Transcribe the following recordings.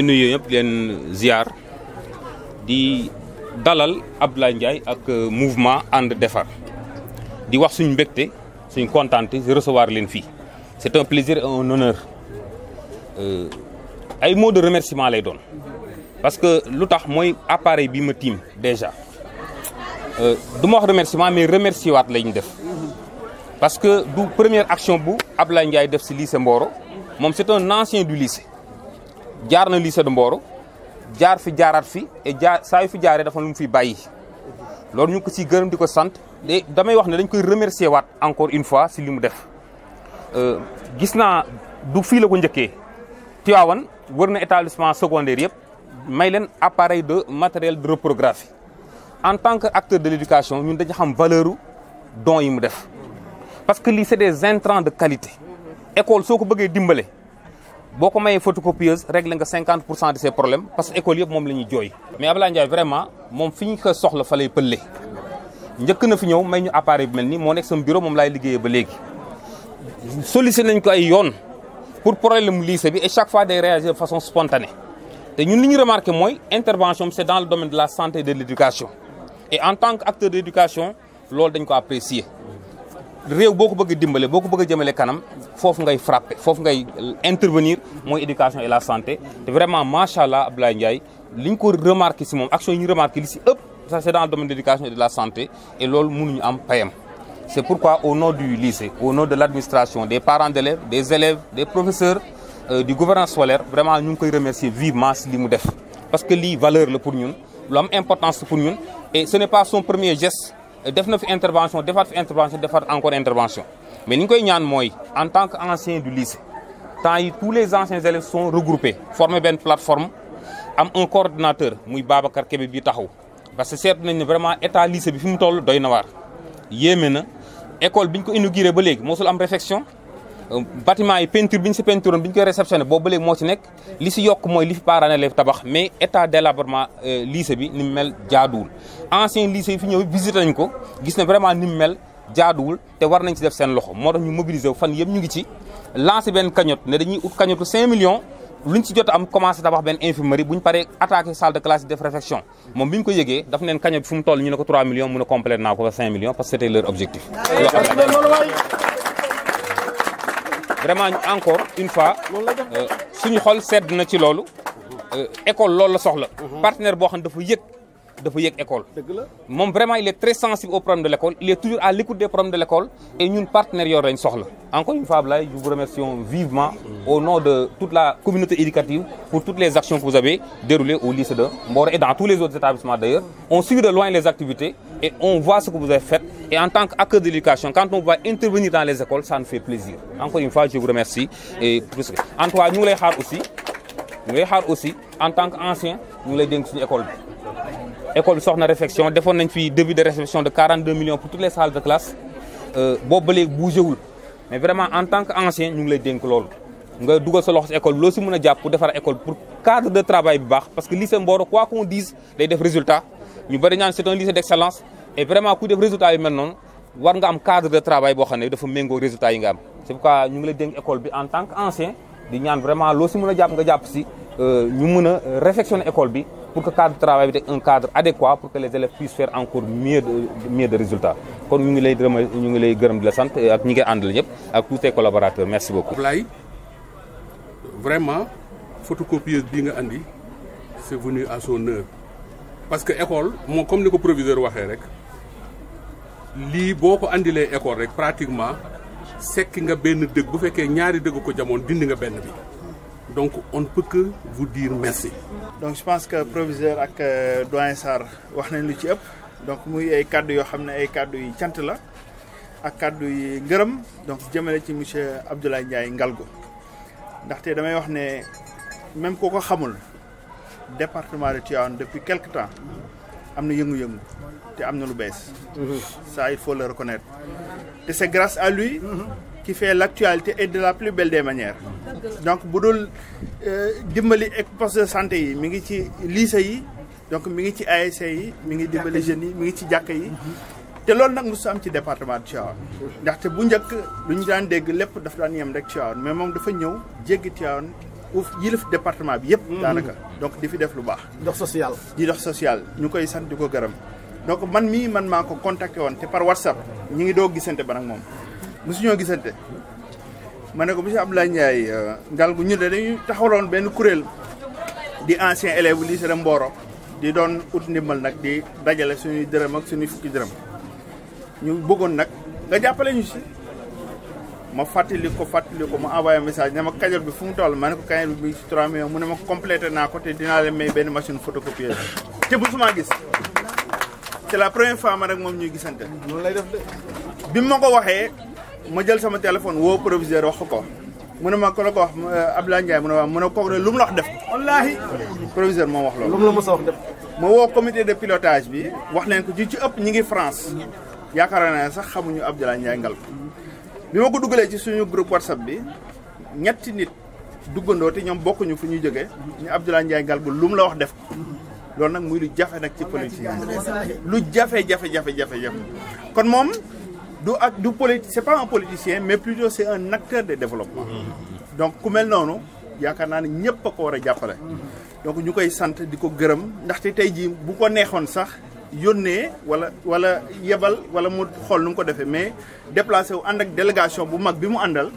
di nuyu ñëpp leen ziar di dalal Abdoulaye Ndiaye ak euh, mouvement ànd defar di wax suñ mbégte suñ kontante recevoir leen fii c'est un plaisir et un honneur euh, ay mots de remerciement lay doon parce que lu tax mooy appareil bi ma tiim déjà euh, du ma wax remerciement mais remercier waat lañ def parce que du première action bu Abdoulaye Ndiaye def si lycée Mboro moom c'est un ancien du lycée jaar na lycée de Mboro jaar fi jaarat fi et jaar saa fi jaaré dafa lu mu fi bayyi loolu ñu ko ci gëreum diko sante dé damay wax né dañ koy remercier waat encore une fois ci li mu def euh, gis naa du fi la ko ñëkke Tivaouane wër na établissement secondaire yépp may leen appareil de matériel de reprographie en tant que acteur de l'éducation ñun dañu xam valeur don yi mu def parce que lii c'est des intrants de qualité école soko bëggé dimbalé si ko mayee photocopieuse réglé nga 50 de ces problèmes parce que école est moom mais Abdoulaye Ndiaye vraiment moom fi qu'il ko soxla fa lay pëlle njëkk na fi ñëw may ñu appareil bi Mon ex bureau moom laay liggéeyee ba léegi. sollicité nañ ko ay pour problème lycée bi et chaque fois ils réagir de façon spontanée te ñun li ñu remarqué que intervention c'est dans le domaine de la santé et de l'éducation et en tant qu'acteur d'éducation c'est dañ ko apprécier réew boko bëgg a boko bëgg jëmelé kanam fofu ngay euh, intervenir moy éducation et la santé C'est vraiment machallah ablaye Abdoulaye Ndiaye ko action ñu li ça c'est dans le domaine de l'éducation et de la santé et loolu mënuñu am payam c'est pourquoi au nom du lycée au nom de l'administration des parents d'élèves des élèves des professeurs euh, du gouvernement scolaire vraiment ñu remercions vivement ce li mu def parce que li valeur pour nous, lu am importance pour nous. et ce n'est pas son premier geste def na fi intervention defaat fi intervention defaat encore intervention mais ni ñu koy ñaan mooy en tant que ancien du lycée temps yi tous les anciens élèves sont regroupés formé benn plateforme am un coordinateur muy Babacar Kébé bi taxaw parce que seetlu nañ ne vraiment état lycée bi fi mu toll doy na waar yéeme na école bi ñu ko inauguré ba léegi mosul am réfection euh, bâtiment yi peinture bi ñu si peinture bi ñu koy réceptionné boobu ba léegi moo ci nekk li si yokk mooy li fi parents élèves tabax mais état d'élabrement euh, lycée bi ni mel jaaduwul ancien lycée fi ñëw visité nañ ko gis na vraiment ni mel jaadul té war nañ ci def seen loxo mo tax ñu mobiliser wu fan yëpp ñu ngi ci lancé ben cagnotte né dañuy ut cagnotte 5 millions luñ ci jot am commencé tabax ben infirmerie buñ paré attaqué salle de classe def réflexion mom biñ ko yégué daf neen cagnotte fu mu toll ñu ne ko 3 millions mu a complété naa ko 5 millions parce que c'était leur objectif. vraiment encore une fois euh, suñu xol sedd na ci lolu euh, école lolu la soxla. Mhm. partenaire bo xam dafa yëg de l'école. école. vraiment il est très sensible aux problèmes de l'école il est toujours à l'écoute des problèmes de l'école et ñun partenaires nous encore une fois je vous remercie vivement au nom de toute la communauté éducative pour toutes les actions que vous avez déroulées au lycée de mort et dans tous les autres établissements d'ailleurs. On suit de loin les activités et on voit ce que vous avez fait. Et en tant qu'acteur d'éducation, quand on va intervenir dans les écoles, ça nous fait plaisir. Encore une fois, je vous remercie. Et Antoine, nous les aussi. Nous les aussi. En tant qu'anciens, nous les une école école sort soxna réflexion defoon nañ fi devis de réception de 42 millions pour toutes les salles de classe euh, boobu ba léegi mais vraiment en tant qu'ancien, nous ñu ngi lay dénk loolu nga l'école, sa loxo faire école si pour faire école pour cadre de travail bas. parce que lycée Mboro quoi qu'on dise les def résultat ñu bëri ñaan c'est un lycée d'excellence et vraiment coup de résultat résultats mel noonu war nga am cadre de travail boo xam ne dafa résultats c'est pourquoi nous les lay école en tant qu'ancien nous di vraiment loo si mën a euh, ñu nous euh, réfectionner école pour que cadre de travail bi un cadre adéquat pour que les élèves puissent faire encore mieux de mieux de résultats kon nous ngi lay gërëm ñu ngi lay gërëm di la santé ak ñi ngay àndal ñëpp tous les collaborateurs merci beaucoup. Ablaye vraiment photocopieuse bii nga andi c'est venu à son heure parce que école moom comme ni ko proviseur waxee rek lii boo ko vous école rek pratiquement sekki nga benn dëgg bu fekkee ñaari dëgg ko jamoon dindi nga avez bi. Donc on ne peut que vous dire merci. Donc je pense que le proviseur le euh, doyen Sarr wax nañ lu ci ëpp donc muy ay kàddu yoo cadres ne ay kàddu yi cadre la ak Donc yi ngeureum donc jëmale ci monsieur Abdoulaye Ndiaye Ngalgo. ndax té damay wax né même koo ko xamul département de Tivaouane depuis quelques temps am na yëngu-yëngu a am lu mhm. ça il faut le reconnaître Et c'est grâce à lui. Mhm. qui fait l'actualité et de la plus belle des manières donc budul euh, dimbali ek poste de santé yi mi ngi ci lycée yi donc mi ngi ci ASC yi mi ngi dimbali jeunes yi mi ngi ci jàkka yi te loolu nag mosu am ci département de Tivaouane ndaxte bu njëkk lu ñu de dégg lépp daf daan yem rek Tivaouane mais moom dafa ñëw jéggi Tivaouane ouf est département bi yépp mm-hmm. donc di fi def lu social di social ñu koy sant di donc man mii man ma ko contacté woon te par whatsapp ñi ngi doo gisante ba nag moom musu ñoo gisante mané ko monsieur abdoulaye ndjay ya. ngal gu ñu dañu taxawlon ben kurel di ancien élève lycée de mboro di doon out ndimbal nak di dajale suñu dërëm ak suñu fukki dërëm ñu bëggoon nak nga jappalé ñu ci ma fatali ko fatali ko ma envoyé message ne ma bi fu mu toll mané ko kañal bi ci 3 millions mu ne ma complété na ko té dina leen may ben machine photocopieuse té bu suma gis c'est la première fois ma rek mom ñuy gisante lay def de bimu mako waxé ma jël sama téléphone woo proviseur wax ko mune ma ko la ko wax eh, abdoulaye ndiaye mune mune ko lum la def wallahi proviseur mo wax lum la mësa wax def ma wo comité de pilotage bi wax len ko ci ci ëpp ñi ngi france yaakaar naa sax xamuñu abdoulaye ndiaye ngal bi ma ko dugalee ci suñu groupe whatsapp bi ñetti nit duggandoo te ñoom bokkuñu fu ñu jógee ñu abdoulaye ndiaye ngal bu lum la wax def ko loolu nag muy lu jafe nag ci politique lu jafe jafe jafe jafe kon mom. du ak du c'est pas un politicien mais plutôt c'est un acteur de développement mm-hmm. donc ku mel noonu yaakaar naa ne ñëpp a ko war a jàppale mm-hmm. donc ils koy sant di ko gërëm ndaxte tey jii bu ko neexoon sax voilà wala wala yebal wala mu xool nu mu ko defee mais déplacer wu ànd ak délégation bu mag bi mu àndal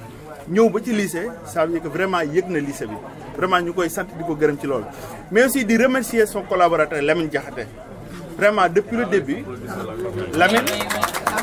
ñëw ba ci lycée ça veut dire que vraiment yëg na lycée bi vraiment ñu koy sant di ko gërëm ci loolu mais aussi di remercier son collaborateur Lamine Diakhaté vraiment depuis le début Lamine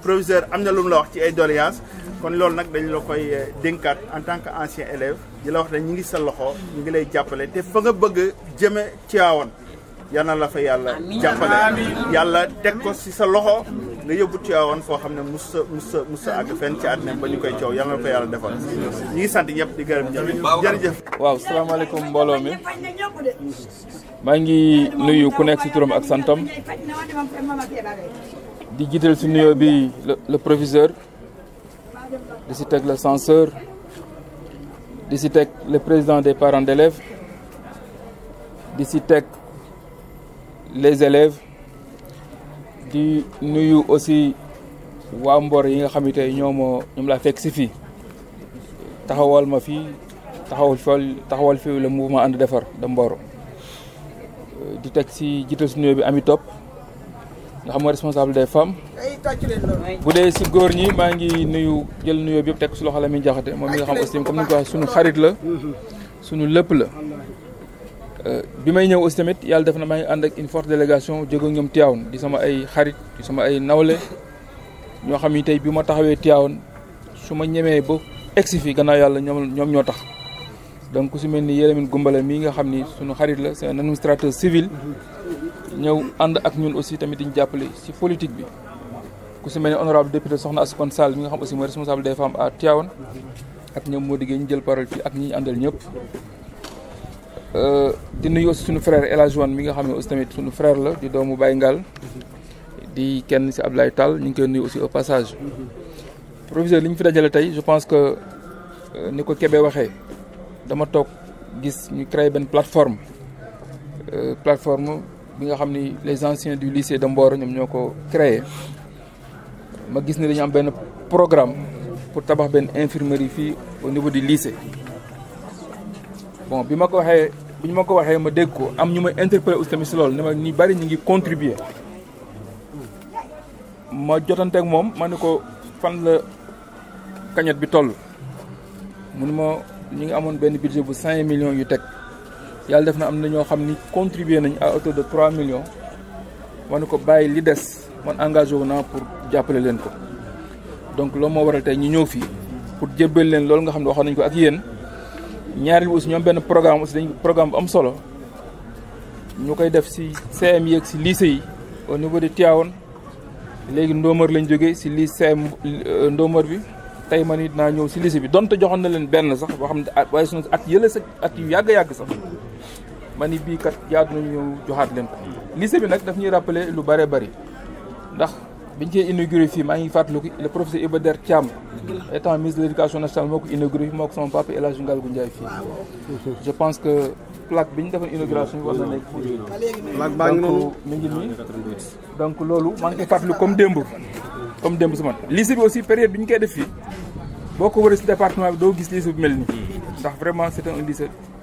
proviseur am na lu mu la wax ci ay doléances kon loolu nag dañu la koy euh, dénkaat en tant que ancien élève di la wax ne ñu ngi sa loxo ñu ngi lay jàppale te fa nga bëgg jëme Tivaouane yal na la fa yàlla jàppale yàlla teg ko si sa loxo nga yóbbu Tivaouane foo xam ne mus sa mus sa mus fenn ci àddina ba ñu koy coow yaa na la fa yàlla defal ñu ngi sant ñëpp di gërëm ñëpp jërëjëf waaw salaamaaleykum mbooloo mi maa ngi nuyu ku nekk si turam ak santam di jiital si nuyoo bi le proviseur di si teg le censeur di si teg le président des parents d'élèves di si teg les élèves di nuyu aussi waa Mbor yi nga xamante ne ñoom ñoom laa fekk si fii taxawal ma fii taxawal fi taxawal fi le mouvement and defar de Mboro di teg si jiital si nuyoo bi ami topp nga xam responsable des femmes bu dee si góor ñi ma ngi nuyu jël nuyu bi tek ci loxo la mi jaxate mom mi nga xam aussi comme ni ko wax suñu xarit la suñu lepp la euh, bi may ñëw aussi tamit def na ma ngi ak une forte délégation ak ñom Tiawoon di sama ay xarit di sama ay nawlé ño xam ni tay bi ma taxawé Tiawoon suma ñëmé bu ba fi gëna yalla ñom ñom ño tax donc ku ci melni ni Yéremin Gumbala nga xam ni suñu xarit la c'est un administrateur civil ñëw ànd ak ñun aussi tamit diñu jàppale ci politique bi ku si mel ne honorable député Soxna Ascone Sall mi nga xam aussi mooy responsable des femmes à Tivaouane ak ñoom moo diggée ñu jël parole fii ak ñi ñu àndal ñëpp euh, di nuyu aussi suñu frère El Hadj mi nga xam ne aussi tamit suñu frère la di doomu Baye Ngal di kenn si Abdoulaye Tall ñu ngi koy nuyu aussi au passage proviseur li ñu fi dajale tey je pense que euh, ni ko Kébé waxee dama toog gis ñu créé benn plateforme euh, plateforme bi nga xam ni les anciens du lycée de Mbor ñoom ñoo ko créé ma gis ni dañu am benn programme pour tabax benn infirmerie fii au niveau du lycée bon bi ma ko waxee bi ñu ma ko waxee ma dégg ko am ñu ma interpellé aussi tamit si loolu ne ma ñu bari ñu ngi contribuer ma jotante ak moom ma ne ko fan la kañat bi toll mun ma ñu ngi amoon benn budget bu 5 millions yu teg yàlla def na am na ñoo xam ni contribuer nañ à hauteur de 3 millions wane ne ko bàyyi li des man engagé wu naa pour jàppale leen ko donc loolu moo waral tey ñu ñëw fii pour jébbal leen loolu nga xam ne waxoon nañ ko ak yéen ñaareel bi ñoom benn programme aussi dañ programme am solo ñu koy def si CM yi ak si lycée yi au niveau de Tivaouane léegi Ndomar lañ jógee si lii CM euh, Ndomar bi tey man it naa ñëw si lycée bi dont joxoon na leen benn sax boo xam ne waaye suñu at yële sa at yu yàgg-yàgg sax ma ni bii kat jaadu nañu joxaat leen ko. lycée bi nag daf ñuy rappeler lu bare bari ndax biñ cee inauguré fii maa ngi fàttaliku le professeur Iba Der Thiam. étant ministre de l' éducation nationale moo ko inauguré fii moo ko sama papa El Hadj Ngalgou Ndiaye fii. je pense que plaque bi ñu defoon inauguration bi war na nekk fii. plaque donc mi ngi nii donc loolu maa ngi koy fàttali comme démb. comme démb su man lycée bi aussi période bi ñu koy def fii boo ko wëree si département bi doo gis lycée bu mel nii ndax vraiment c' est un lycée.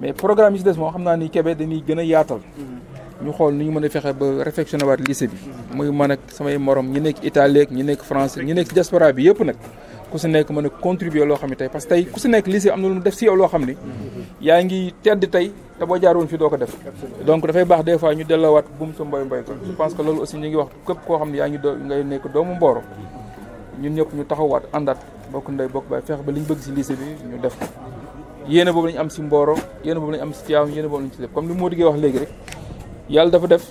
mais programme yi si des moom xam naa ni Kébé dañuy gën a yaatal. Mm-hmm. ñu xool nu ñu mën a fexe ba réfectionné waat lycée bi. muy man ak samay morom ñi nekk Italie ak ñi nekk France nekk diaspora yëpp nag. ku nekk mën a loo xam parce que tey ku si nekk lycée am na def si yow loo xam mm-hmm. yaa ngi tedd tey te boo jaar fi doo ko def. donc dafay baax des fois ñu delloowaat buum sa mboy mboy ko. je pense que loolu aussi ñu ngi wax képp koo xam ne yaa ngi nekk doomu Mboro. ñun ñëpp ñu taxawaat àndaat bokk ndey bokk baay fexe ba li ñu bëgg si lycée bi ñu def yéene boobu lañu am si Mboro yéene boobu lañu am si Tivaouane yéene boobu lañu si lépp comme li moo diggee wax léegi rek yàlla dafa def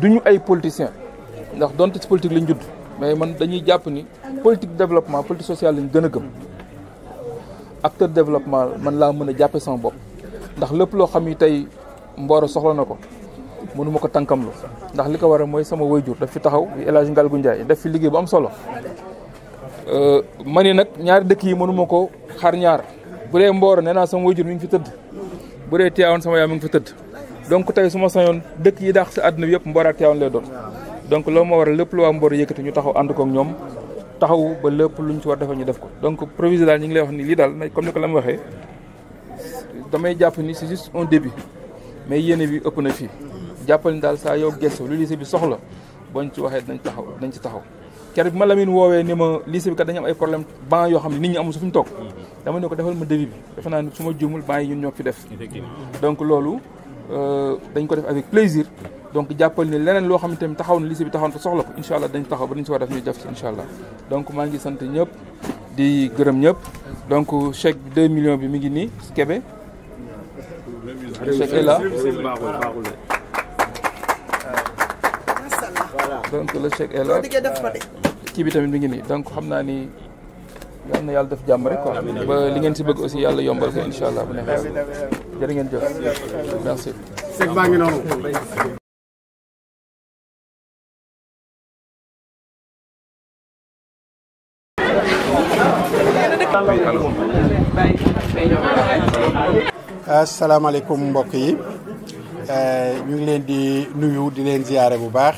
duñu ay politicien ndax donte si politique lañu judd mais man dañuy jàpp ni politique développement politique sociale lañ gën a gëm acteur développement man laa mën a jàppe sama bopp ndax lépp loo xam ni tey Mboro soxla na ko mënuma ko tànkamlu ndax li ko war a mooy sama waajur daf fi taxaw El Hadj Ngalgou Ndiaye daf fi liggéey bu am solo ma ni nag ñaari dëkk yi mënuma ko xar ñaar bu dee Mbooro nee naa sama wajur mi ngi fi tëdd bu dee Tiwaawan sama yaay mi ngi fi tëdd donc tey su ma sañoon dëkk yi daax si àdduna bi yëpp Mbooro ak Tiwaawan lay doon donc loolu moo waral lépp lu waa Mbooro yëkkati ñu taxaw ànd ko ak taxaw ba lépp luñ ci war defee ñu def ko donc provisoire daal ñu ngi lay wax ni lii daal comme ni ko la ma waxee damay jàpp ni c'est un début mais yéene bi ëpp na fii jàppal ni daal saa yow gëstu lu lycée bi soxla bañ ci waxee dañ taxaw dañ ci taxaw keroog bi ma Lamine woowee ni ma lycée bi kat dañu am ay problème banc yoo xam ne nit ñi amul su fi ñu toog mhm. dama ne ko defal ma devis bi defe naa ne su ma juumul banc yi ñun ñoo ko fi def donc loolu euh, dañ ko def avec plaisir donc jàppal ni leneen loo xam ne tamit taxaw na lycée bi taxaw na te soxla ko incha allah dañ taxaw ba dañ si war def ñu def ci incha allah maa ngi sant ñëpp di gërëm ñëpp donc chèque bi 2 millions bi mi ngi nii Kébé chèque est là donc le chèque est kii bi tamit mi ngi nii xam naa ni yal na yàlla def jàmm li ngeen si bëgg aussi yàlla yombal ko incha allah bu neexee jërë ngeen jëf mbokk yi euh, ñu ngi leen di nuyu di leen ziyaare bu baax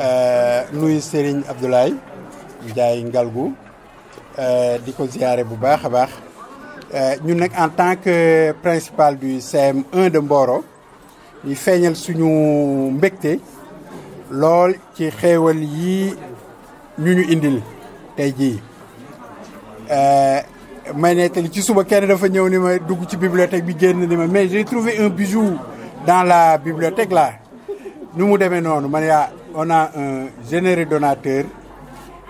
Euh, nuyu Serigne Abdoulaye Ndiaye Ngalgou euh, di ko ziaré bu baax a baax euh, ñun nak en tant que principal du CM1 de Mboro ñu feeñal suñu mbekté lool ci xéewal yi ñu ñu indil ji euh may nettali ci suba kenn dafa ñëw ni ma dugg ci bibliothèque bi génn ni ma mais j'ai trouvé un bijou dans la bibliothèque là nous mu demee ah, on a un généreux donateur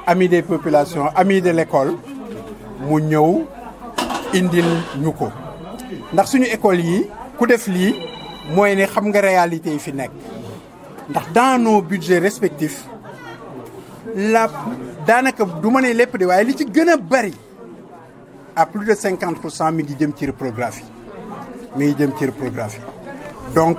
ami des populations ami de l'école mu ñëw indil ñu ko ndax suñu école yi ku def moi, mooy ne xam nga réalité yi fi nekk ndax dans nos budgets respectifs la daanaka du ma ne lépp de waaye li ci gën a bari à plus de 50% pour cent mi ngi jëm ci reprographie mi ci reprographie donc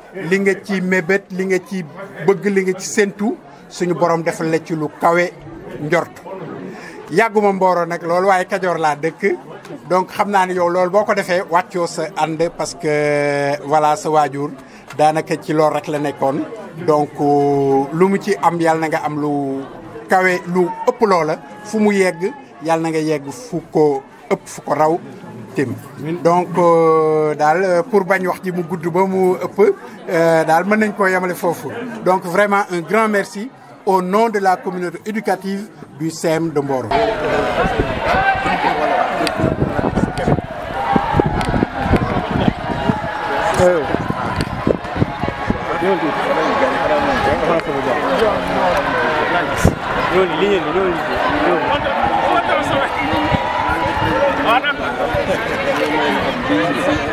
li nga ci mébét li nga ci bëgg li nga ci séntu suñu borom defal la ci lu kawe njort yàgguma Mboro nag loolu waaye Kajoor laa dëkk donc xam naa ne yow loolu boo ko defee wàccoo sa and parce que voilà sa waajur daanaka ci loolu rek la nekkoon donc euh, lu mu ci am yàlla na nga am lu kawe lu ëpp loola fu mu yegg yàlla na nga yegg fu ko ëpp fu ko raw donc euh, pour beaucoup de mu euh, donc vraiment un grand merci au nom de la communauté éducative du CEM de Mboro Thank you.